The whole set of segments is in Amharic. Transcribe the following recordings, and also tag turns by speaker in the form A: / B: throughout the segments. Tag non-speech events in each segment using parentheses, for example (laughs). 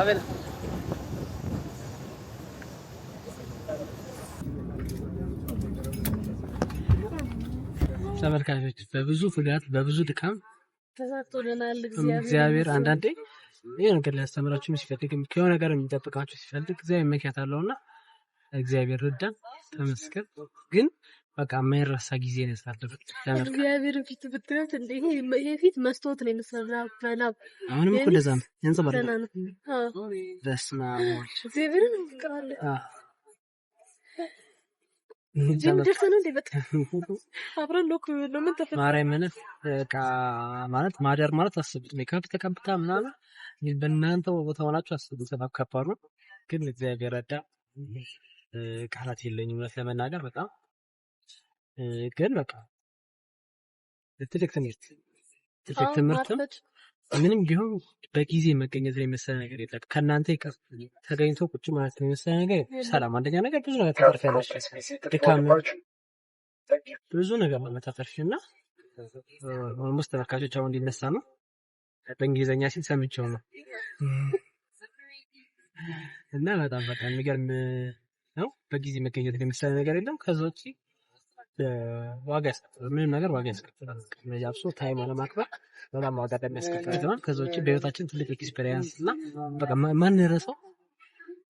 A: አቤል ተመልካቾች በብዙ ፍጋት በብዙ ድካም
B: ተሳክቶልናል። እግዚአብሔር
A: አንዳንዴ ይህ ነገር ሊያስተምራችሁ ሲፈልግ ከሆነ ነገር የሚጠብቃችሁ ሲፈልግ እግዚአብሔር መኪያት አለውና እግዚአብሔር ርዳን፣ ተመስገን ግን በቃ የማይረሳ ጊዜ ነው ያሳለፍኩት። እግዚአብሔር
B: ፊት ብትነት እንደ ይሄ ፊት መስታወት ነው የምሰራ በላብ
A: አሁንም እኮ እንደዛ ነው ያንጸባርቃል። በስመ አብ
B: እግዚአብሔርን እንፍቅራለን።
A: ማለት ማደር ማለት አስቡት፣ ሜካፕ ተቀብታ ምናምን በእናንተ ቦታ ሆናችሁ አስቡት። ከባድ ነው ግን እግዚአብሔር ረዳ። ቃላት የለኝም እውነት ለመናገር በጣም ግን በቃ ትልቅ ትምህርት ትልቅ ትምህርትም ምንም ቢሆን በጊዜ መገኘት ላይ የመሰለ ነገር የለም። ከእናንተ ይቀር ተገኝቶ ቁጭ ማለት ነው የመሰለ ነገር ሰላም፣ አንደኛ ነገር ብዙ ነገር ተፈርፊያለሽ፣ ድካም፣ ብዙ ነገር መታፈርሽ እና ኦልሞስት ተመልካቾች አሁን እንዲነሳ ነው በእንግሊዝኛ ሲል ሰምቼው ነው እና በጣም በጣም የሚገርም ነው። በጊዜ መገኘት ላይ የመሰለ ነገር የለም ከዛ ውጭ ዋጋ ያስከፍላል። ምንም ነገር ዋጋ ያስከፍላል። ከነዚህ አብሶ ታይም አለማክበር በጣም ዋጋ የሚያስከፍል ይሆናል። ከዚ ውጭ በህይወታችን ትልቅ ኤክስፔሪንስ እና በቃ ማንረሳው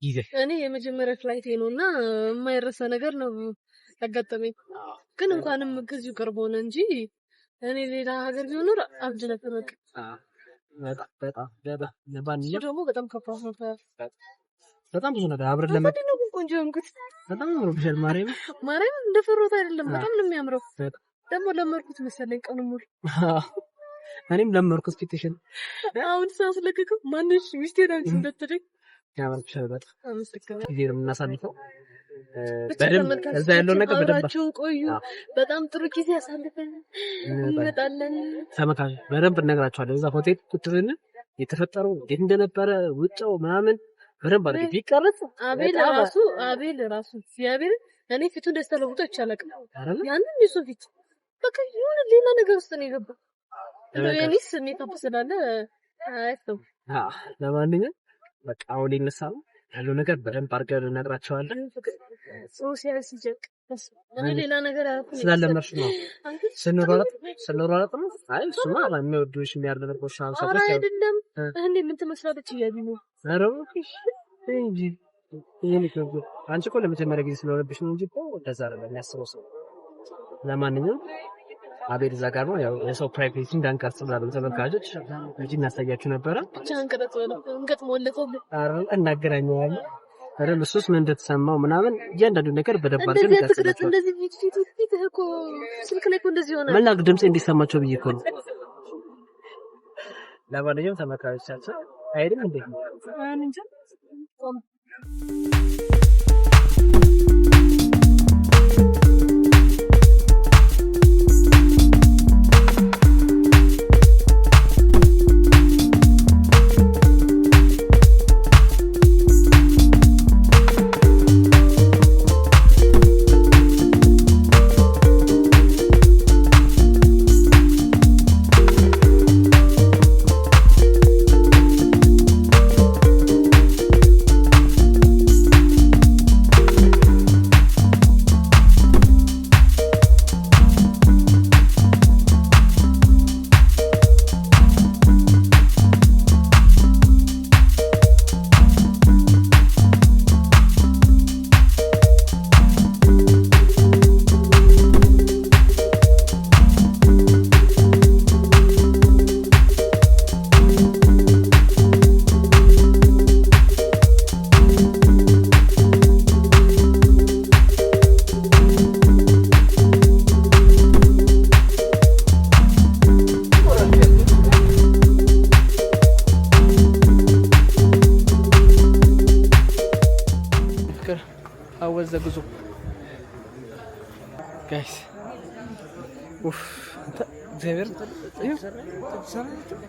A: ጊዜ
B: እኔ የመጀመሪያ ፍላይት ነው እና የማይረሳ ነገር ነው ያጋጠመኝ። ግን እንኳንም ከዚሁ ቅርብ ሆነ እንጂ እኔ ሌላ ሀገር ቢሆን ኖር አብድ ነበር። በቃ
A: በጣም በጣም
B: ደግሞ በጣም ከፋ
A: በጣም ብዙ ነገር አብረን ለመ ቆንጆ ሆንኩት። በጣም አምሮብሻል። ማርያም
B: ማርያም እንደፈሮት አይደለም። በጣም ነው የሚያምረው። ደግሞ ለመርኩት መሰለኝ ቀኑ ሙሉ
A: እኔም ለመርኩት ፊትሽን።
B: አሁን ሳስለቅቀው ማንሽ ሚስቴ ናንቺ እንደተደግ
A: ያመርብሻል። በጣም አመሰግናለሁ። ጊዜ ነው የምናሳልፈው እዛ ያለው ነገር
B: በደንብ ቆዩ። በጣም ጥሩ ጊዜ ያሳልፈን እንመጣለን።
A: ተመካሽ በደንብ እነግራቸዋለሁ። እዛ ሆቴል ቁጭ ብለን የተፈጠረው እንዴት እንደነበረ ውጫው ምናምን በደንብ አድርጌ ቢቀረጽ
B: አቤል ራሱ አቤል ራሱ የአቤል እኔ ፊቱን ደስታ ለውጦ ይቻላል። ያንን የሱ ፊት በቃ የሆነ ሌላ ነገር ውስጥ ነው የገባው። የኔስ ሜካፕ ስላለ አይተው።
A: ለማንኛውም በቃ አሁን ሊነሳ ነው ያለው ነገር በደንብ አድርገን እነግራቸዋለን። ሌላ ነገር ስላለመርሽ ነው ስንሯረጥ ስንሯረጥ ነው። አይ እሱማ የሚወዱሽ የሚያደርገው
B: አይደለም። እንዴ ምን የምትመስላለች እያሉ ነው
A: እንጂ ይህን አንቺ እኮ ለመጀመሪያ ጊዜ ስለሆነብሽ ነው እንጂ እንደዛ አይደለም የሚያስበው ሰው። ለማንኛውም አቤል እዛ ጋር ነው ያው የሰው ፕራይቬሲ እንዳንቀርጽ ብላለን ተመልካቾች እንጂ እናሳያችሁ ነበረ። እናገናኘዋለን አይደል? እሱስ ምን እንደተሰማው ምናምን እያንዳንዱ ነገር በደንብ አድርገን እናሳያችሁ። መላክ ድምፅ እንዲሰማቸው ብዬ እኮ ነው። (laughs) ለማንኛውም ተመልካቾቻችን വരുന്നുണ്ട് പതിനഞ്ച്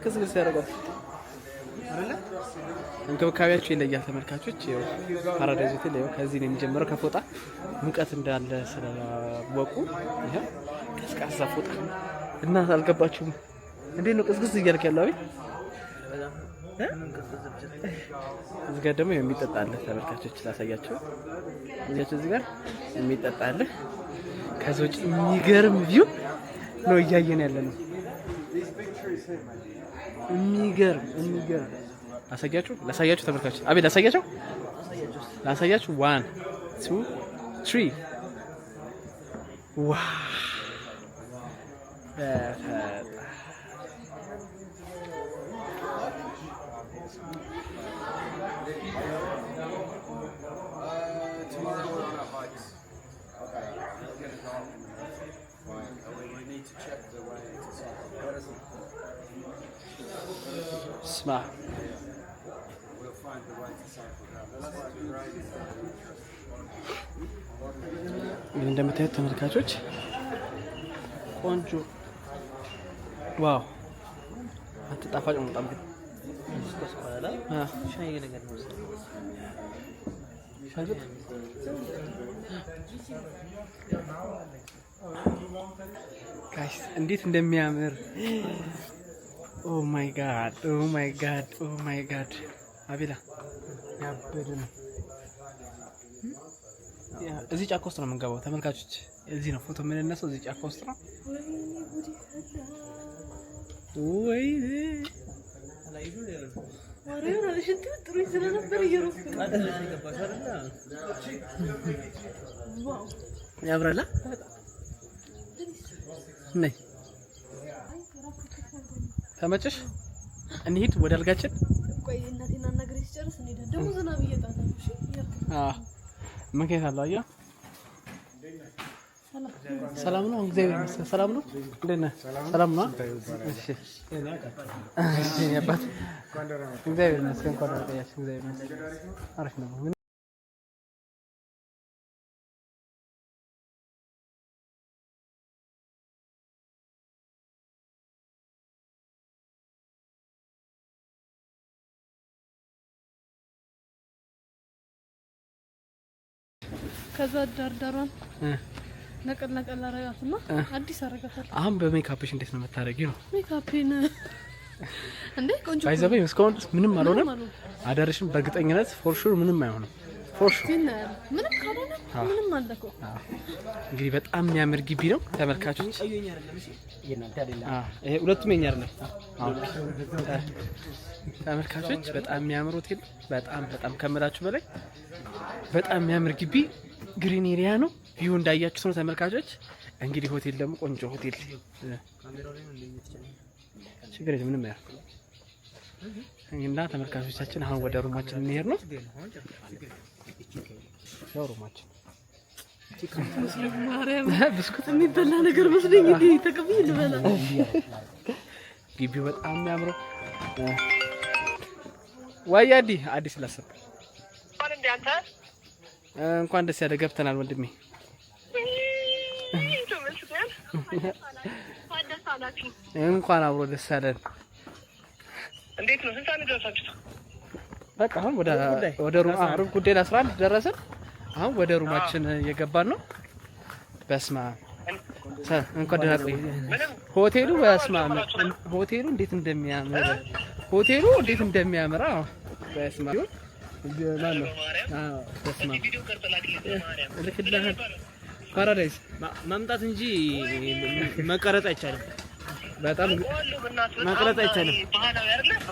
A: ክስክስ ያደርጓል። እንክብካቤያቸው ይለያል። ተመልካቾች ፓራዳይዝ ሆቴል ከዚህ ነው የሚጀምረው። ከፎጣ ሙቀት እንዳለ ስለወቁ ቀዝቃዛ ፎጣ እና አልገባችሁም። እንዴት ነው ቅዝቅዝ እያልክ ያለው? እዚህ ጋር ደግሞ የሚጠጣልህ ተመልካቾች ላሳያቸው። እዚያቸው እዚህ ጋር የሚጠጣልህ ከዚህ ውጭ የሚገርም ቪው ነው እያየን ያለ ነው። የሚገርም የሚገርም ላሳያችሁ ላሳያችሁ ተመልካች አቤት ላሳያቸው ላሳያችሁ ዋን ቱ ትሪ ዋ Thank you. ስማ እንግዲህ oh, እንደምታዩት ተመልካቾች ቆንጆ ዋው! አንተ ጣፋጭ ነው በጣም ግን ጋሽ እንዴት እንደሚያምር ኦ ማይ ጋድ ኦ ማይ ጋድ ኦ ማይ ጋድ አቤላ ያበደ ነው። እዚህ ጫካ ውስጥ ነው የምንገባው ተመልካቾች። እዚህ ነው ፎቶ የምንነሳው እዚህ ጫካ ውስጥ ነው። ወይ ያምራል። ነይ ተመጭሽ፣ እንሂድ ወደ አልጋችን።
B: ቆይ እናቴና ምክንያት
A: አለው። አየህ፣ ሰላም ነው። እግዚአብሔር ይመስገን። ሰላም ነው። እንዴት ነህ? ሰላም ነው። እሺ፣ እግዚአብሔር ይመስገን። እንኳን ደህና ነው።
B: ከዛ ዳርዳሯን ነቀል ነቀል አረጋትና አዲስ አረጋታል።
A: አሁን በሜካፕሽ እንዴት ነው የምታረጊው? ነው
B: ሜካፕን (laughs) እንዴ ቆንጆ
A: ባይዘበኝ እስካሁን ምንም አልሆነም። አዳርሽን በእርግጠኝነት ፎር ሹር ምንም አይሆንም። ፎር ሹር
B: ምንም ካልሆነ ምንም አለ እኮ
A: እንግዲህ በጣም የሚያምር ግቢ ነው ተመልካቾች። ይሄ ሁለቱም የኛ አይደለም ተመልካቾች። በጣም የሚያምር ሆቴል፣ በጣም በጣም ከምላችሁ በላይ በጣም የሚያምር ግቢ ግሪን ኤሪያ ነው። ቪው እንዳያችሁ ነው ተመልካቾች። እንግዲህ ሆቴል ደግሞ ቆንጆ ሆቴል ችግር የለም ምንም ያው እና ተመልካቾቻችን አሁን ወደ ሩማችን እንሄድ ነው። ያው ሩማችን
B: ብስኩት የሚበላ ነገር መስለኝ ተቀብዬ ልበላ።
A: ግቢው በጣም የሚያምረው ዋያ አዲ አዲስ ላሰብ እንኳን ደስ ያለ ገብተናል ወንድሜ። እንኳን አብሮ ደስ ያለን። እንዴት ነው ስንት ሰዓት ደረሳችሁ? በቃ አሁን ወደ ወደ ሩም አሩም ጉዳይ ለአስራ አንድ ደረስን። አሁን ወደ ሩማችን እየገባን ነው። በስማ እንኳን ደህና ቆይ። ሆቴሉ በስማ ሆቴሉ እንዴት እንደሚያምር ሆቴሉ እንዴት እንደሚያምር በስማ ፓራዳይስ ማምጣት እንጂ መቀረጽ አይቻልም። በጣም መቅረጽ አይቻልም።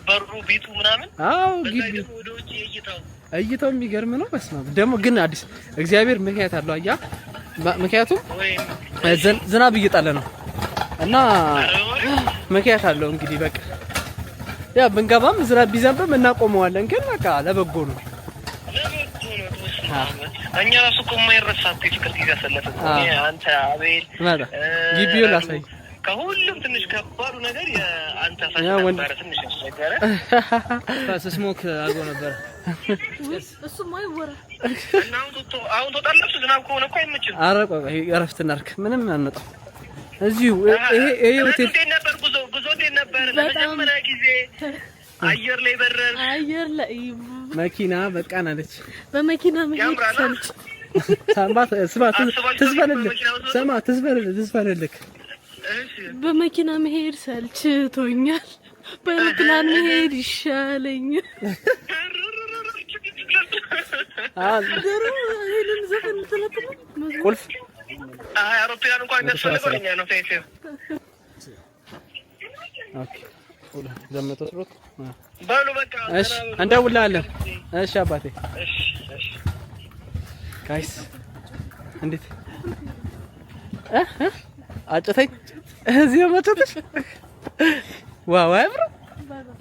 A: በሩ ቤቱ ምናምን እይታው የሚገርም ነው። በስመ አብ ደግሞ ግን አዲስ እግዚአብሔር ምክንያት አለው። አያ ምክንያቱም ዝናብ እየጣለ ነው እና ምክንያት አለው እንግዲህ በቃ ያ ብንገባም ዝናብ ቢዘንብም እናቆመዋለን። ግን በቃ ለበጎ ነው። እኛ ራሱ እኮ የማይረሳ ፍቅር ጊዜ አሳለፍን። አንተ አቤል፣ ግቢው ላሳይ ከሁሉም ትንሽ ከባዱ ነገር የአንተ ፈስ ነበረ። ትንሽ ያስቸገረ ስስሞክ አድርጎ ነበረ። እሱም አይወራ አሁን ትወጣላችሁ። ዝናብ ከሆነ እኮ አይመችም። ኧረ ቆይ እረፍት እናድርግ። ምንም አንመጣም እዚሁ ይሄ ሆቴል ነበር። ለመጀመሪያ ጊዜ አየር ላይ በረር አየር ላይ መኪና በቃን አለች። በመኪና መሄድ ሰምች ሳምባት ትዝፈንልክ ስማ፣ ትዝፈንልክ ትዝፈንልክ በመኪና መሄድ ሰልችቶኛል፣ በአውሮፕላን መሄድ ይሻለኛል። ድሮ ይሄንን ዘፈን ትለጥለ ቁልፍ አውሮፕላን እንኳን ደስ ነው ታይቶ ኦኬ እሺ አባቴ። ጋይስ እንዴት እዚህ መጨተሽ ዋው! አያምርም?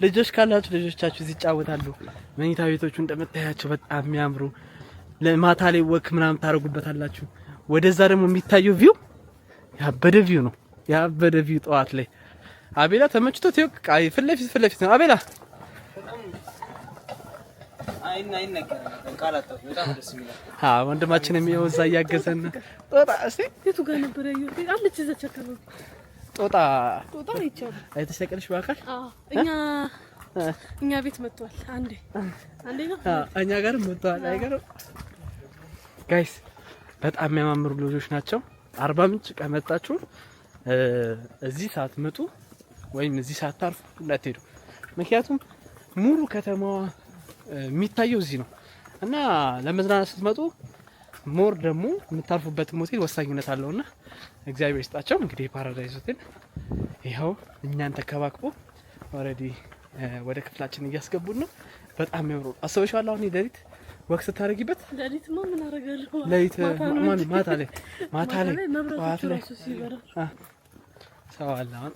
A: ልጆች ካላችሁ ልጆቻችሁ እዚህ ይጫወታሉ። መኝታ ቤቶቹ እንደምታያቸው በጣም የሚያምሩ ማታ ላይ ወክ ምናምን ታደርጉበታላችሁ። ወደዛ ደግሞ የሚታየው ቪው ያበደ ቪው ነው፣ ያበደ ቪው ጠዋት ላይ አቤላ ተመችቶ ትዩቅ አይ ፊት ለፊት ፊት ለፊት ነው አቤላ ወንድማችን የሚው እዛ እያገዘን ጦጣ እስኪ የቱ ጋር ነበር አለች እዛች አካባቢ ጦጣ ጦጣ አይቻልም አይተሰቀልሽ በአካል እኛ እኛ ቤት መጥቷል አንዴ አንዴ ነው እኛ ጋርም መጥቷል አይገርም ጋይስ በጣም የሚያማምሩ ልጆች ናቸው አርባ ምንጭ ቀን እዚህ ሰዓት መጡ ወይም እዚህ ሳታርፉ እንዳትሄዱ። ምክንያቱም ሙሉ ከተማዋ የሚታየው እዚህ ነው እና ለመዝናናት ስትመጡ ሞር ደግሞ የምታርፉበትም ሆቴል ወሳኝነት አለውና እግዚአብሔር ይስጣቸው። እንግዲህ ፓራዳይዝ ሆቴል ይኸው እኛን ተከባክቦ ኦልሬዲ ወደ ክፍላችን እያስገቡን ነው። በጣም ያምሩ አስበሽዋል። አሁን ሌሊት ወቅት ስታደርጊበት ሌሊት ሌሊት ማታ ላይ ማታ ላይ ሰው አለ አሁን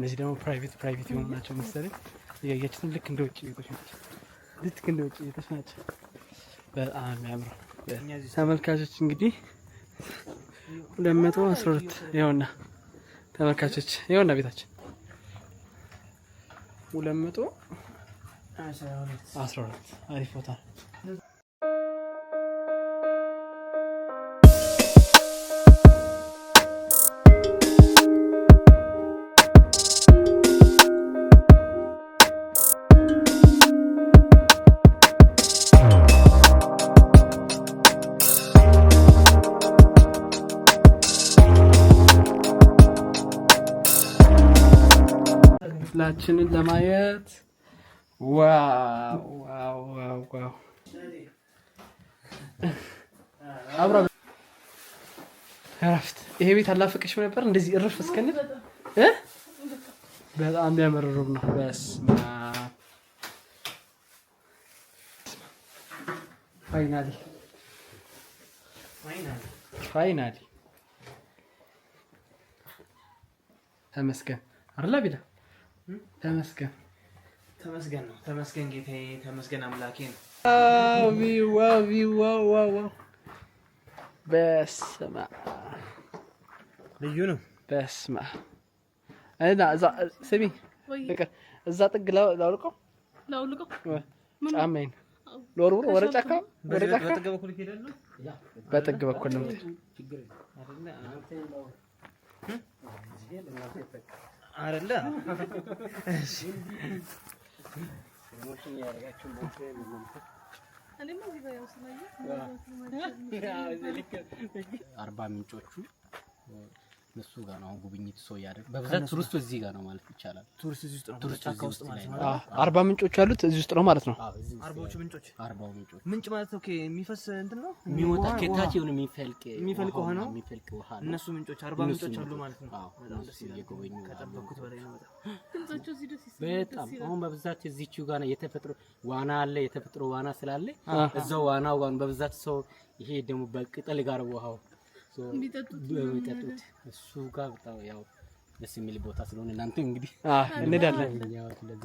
A: እነዚህ ደግሞ ፕራይቬት ፕራይቬት የሆኑ ናቸው መሰለኝ። እያያችሁትም ልክ እንደ ውጭ ቤቶች ናቸው። ልክ እንደ ውጭ ቤቶች ናቸው። በጣም ያምሩ ተመልካቾች። እንግዲህ ሁለት መቶ አስራ ሁለት ይኸውና ተመልካቾች፣ ይኸውና ቤታችን ሁለት መቶ አስራ ሁለት አሪፍ ቦታ ነው። ሰዎችንን ለማየት ዋው ዋው ዋው ዋው አብራ እረፍት። ይሄ ቤት አላፈቀሽም ነበር እንደዚህ እርፍ እስከንል እ በጣም ያመረሩም ነው። በስመ አብ ፋይናሊ ፋይናሊ ተመስገን አርላ ቢላ ተመስገን ተመስገን ነው። ተመስገን ጌታዬ፣ ተመስገን አምላኬ ነው። በስመ አብ ልዩ ነው። በስመ አብ ስሚ፣ እዛ ጥግ ላውልቀው፣ ላውልቀው ጫማዬን ለወርውሮ ወደ ጫካ በጥግ በኩል ነው። አይደለ? እሺ አርባ ምንጮቹ እሱ ጋር ነው ጉብኝት ሰው ያደረግ በብዛት ቱሪስቱ እዚህ ጋር ነው ማለት ይቻላል። ቱሪስት እዚህ ውስጥ ነው። ቱሪስት ጫካ ውስጥ ማለት ነው። አርባ ምንጮች ያሉት እዚህ ውስጥ ነው ማለት ነው። አርባዎቹ ምንጮች አርባው ምንጮች ምንጭ ማለት ኦኬ፣ የሚፈስ እንትን ነው የሚወጣ ከታች የሆነ የሚፈልቅ የሚፈልቅ ውሃ ነው የሚፈልቅ ውሃ ነው። እነሱ ምንጮች አርባ ምንጮች አሉ ማለት ነው። በጣም ደስ ይላል። የጎበኙ ከጠበቅኩት በላይ ነው። በጣም አሁን በብዛት እዚህችው ጋር ነው የተፈጥሮ ዋና አለ። የተፈጥሮ ዋና ስላለ እዛው ዋናው ጋር በብዛት ሰው ይሄ ደግሞ በቅጠል ጋር ውሃው የሚጠጡት እሱ ጋር በጣም ያው ደስ የሚል ቦታ ስለሆነ እናንተ እንግዲህ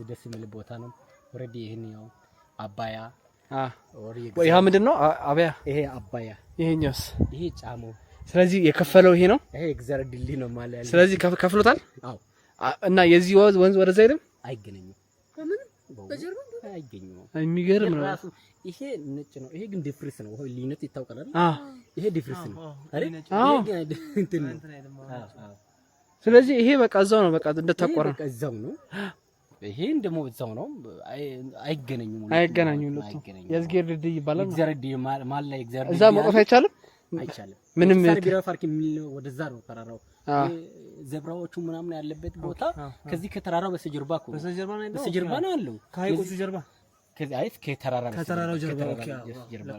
A: ደስ የሚል ቦታ ነው። ኦልሬዲ ይህን ያው አባያ ይህ ምንድን ነው ይሄ አባያ፣ ይሄኛውስ? ይሄ ጫሞ። ስለዚህ የከፈለው ይሄ ነው። ይሄ እግዚአብሔር ድልድይ ነው ማለት ስለዚህ ከፍሎታል እና የዚህ ወንዝ ወደዛ አይደለም አይገናኝም የሚገርም ነው። ይሄ ነጭ ነው። ይሄ ግን ዲፍሪስ ነው። ልዩነት ይታወቃል። ይሄ ዲፍሪስ ነው። ስለዚህ ይሄ በቃ እዛው ነው። በቃ እንደተቆረ እዛው ነው። ይሄን ደግሞ እዛው ነው። አይገናኙም፣ አይገናኙም። የእግዚአብሔር ድልድይ ይባላል። እግዚአብሔር ድልድይ ማለ እዛ መቆፍ አይቻልም፣ አይቻልም። ምንም ቢራ ፓርክ የሚል ወደዛ ነው ተራራው ዘብራዎቹ ምናምን ያለበት ቦታ ከዚህ ከተራራው በስተጀርባ እኮ በስተጀርባ ነው ያለው። ከሀይቁ ጀርባ ከዚህ አይ ከተራራው ጀርባ ጀርባ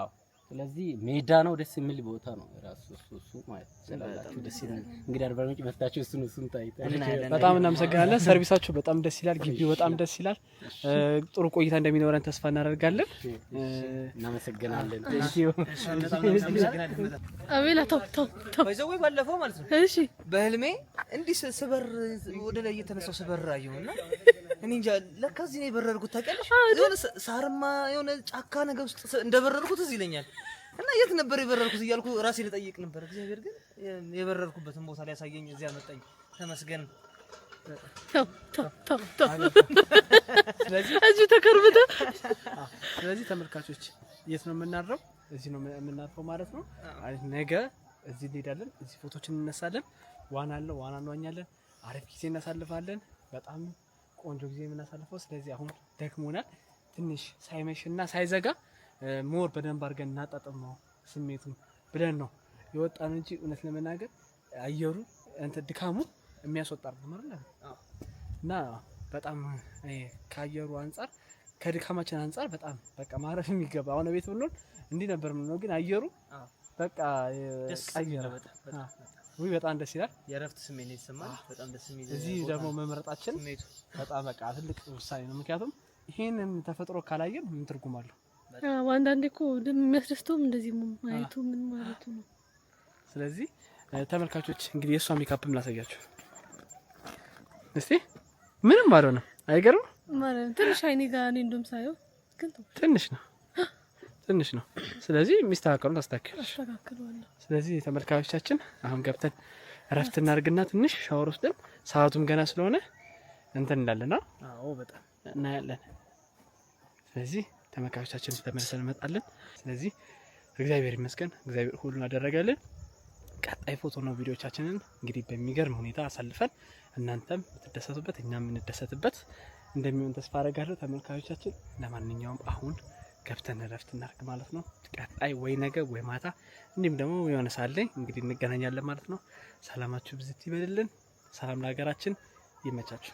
A: አዎ ስለዚህ ሜዳ ነው፣ ደስ የሚል ቦታ ነው ራሱ እሱ እሱ ማለት ስለላችሁ ደስ ይላል። እንግዲህ አርባ ምንጭ መታችሁ በጣም እናመሰግናለን። ሰርቪሳችሁ በጣም ደስ ይላል፣ ግቢው በጣም ደስ ይላል። ጥሩ ቆይታ እንደሚኖረን ተስፋ እናደርጋለን። እናመሰግናለን። አቤላ ተው ባለፈው ማለት ነው። እሺ በህልሜ እንዲህ ስበር ወደ ላይ እየተነሳው ስበር አየሁና እኔ እንጃ ለካ እዚህ ነው የበረርኩት። ታውቂያለሽ፣ የሆነ ሳርማ የሆነ ጫካ ነገር ውስጥ እንደበረርኩት እዚህ ይለኛል። እና የት ነበር የበረርኩት እያልኩ ራሴን ጠይቅ ነበር። እግዚአብሔር ግን የበረርኩበትን ቦታ ሊያሳየኝ እዚህ አመጣኝ። ተመስገን። እዚሁ ተከርብተ። ስለዚህ ተመልካቾች የት ነው የምናድረው? እዚህ ነው የምናርፈው ማለት ነው። ነገ እዚህ እንሄዳለን፣ እዚህ ፎቶችን እንነሳለን። ዋና አለ፣ ዋና እንዋኛለን። አሪፍ ጊዜ እናሳልፋለን። በጣም ቆንጆ ጊዜ የምናሳልፈው። ስለዚህ አሁን ደክሞናል። ትንሽ ሳይመሽ እና ሳይዘጋ ሞር በደንብ አድርገን እናጣጥም ነው ስሜቱን ብለን ነው የወጣን እንጂ እውነት ለመናገር አየሩ እንትን ድካሙ የሚያስወጣር ነው ማለት ነው። እና በጣም ከአየሩ አንጻር ከድካማችን አንጻር በጣም በቃ ማረፍ የሚገባ አሁን ቤት ብሎን እንዲህ ነበር ምነው ግን አየሩ በቃ ቀየረ። ውይ በጣም ደስ ይላል። የእረፍት ስሜት ነው የተሰማኝ። በጣም ደስ የሚል እዚህ ደግሞ መምረጣችን በጣም በቃ ትልቅ ውሳኔ ነው። ምክንያቱም ይሄንን ተፈጥሮ ካላየን ምን ትርጉም አለው? አዎ አንዳንዴ እኮ የሚያስደስተውም እንደዚህ ማየቱ ምን ማለቱ ነው። ስለዚህ ተመልካቾች እንግዲህ የእሷ ሜካፕም ላሳያችሁ እስቲ። ምንም ባለው ነው አይገርም። ትንሽ አይኔ ጋር እኔ እንደውም ሳየው ግን ትንሽ ነው ትንሽ ነው። ስለዚህ የሚስተካከሉን ታስተካክላለሽ። ስለዚህ ተመልካቾቻችን አሁን ገብተን እረፍት እናድርግና ትንሽ ሻወር ወስደን ሰዓቱም ገና ስለሆነ እንትን እንዳለና አዎ፣ በጣም እናያለን። ስለዚህ ተመልካቾቻችን ተመልሰን እንመጣለን። ስለዚህ እግዚአብሔር ይመስገን፣ እግዚአብሔር ሁሉን አደረገልን። ቀጣይ ፎቶ ነው ቪዲዮቻችንን እንግዲህ በሚገርም ሁኔታ አሳልፈን እናንተም የምትደሰቱበት እኛም የምንደሰትበት እንደሚሆን ተስፋ አደርጋለሁ ተመልካቾቻችን። ለማንኛውም አሁን ገብተን እረፍት እናርግ ማለት ነው። ቀጣይ ወይ ነገ ወይ ማታ እንዲሁም ደግሞ የሆነ ሰዓት እንግዲህ እንገናኛለን ማለት ነው። ሰላማችሁ ብዝት ይበልልን። ሰላም ለሀገራችን። ይመቻችሁ።